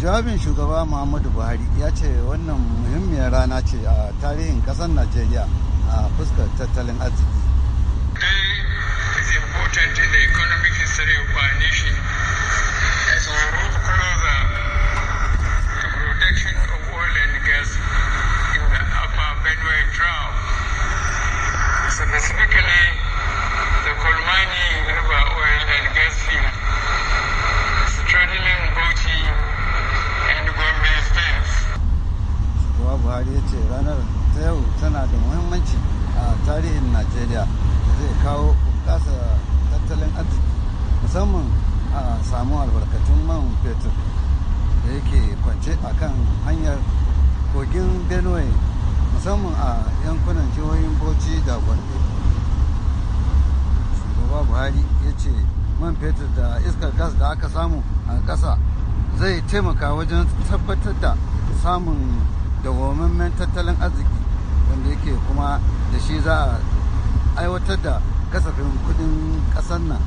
jawabin shugaba muhammadu buhari ya ce wannan muhimmiyar rana ce a tarihin ƙasar najeriya a fuskar tattalin arziki Specifically, buhari ya ce ranar ta yau tana da muhimmanci a tarihin najeriya da zai kawo bunƙasa tattalin arziki musamman a samu albarkatun man fetur da yake kwance a kan hanyar kogin benue musamman a yankunan jihohin bauchi da gombe shugaba buhari ya ce man fetur da iskar gas da aka samu a ƙasa zai taimaka wajen tabbatar da samun dawwamammen tattalin arziki wanda yake kuma da shi za a aiwatar da kasafin kudin ƙasar nan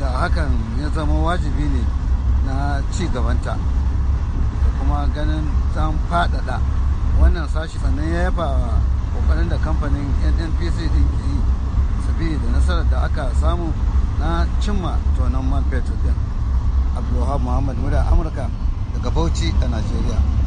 da hakan ya zama wajibi ne na ci gabanta da kuma ganin tan faɗaɗa wannan sashi sannan ya yaba kokarin da kamfanin nnpc din ke yi sabi da nasarar da aka samu na cimma tonon man fetur din abdulwahab muhammad muda amurka daga bauchi a najeriya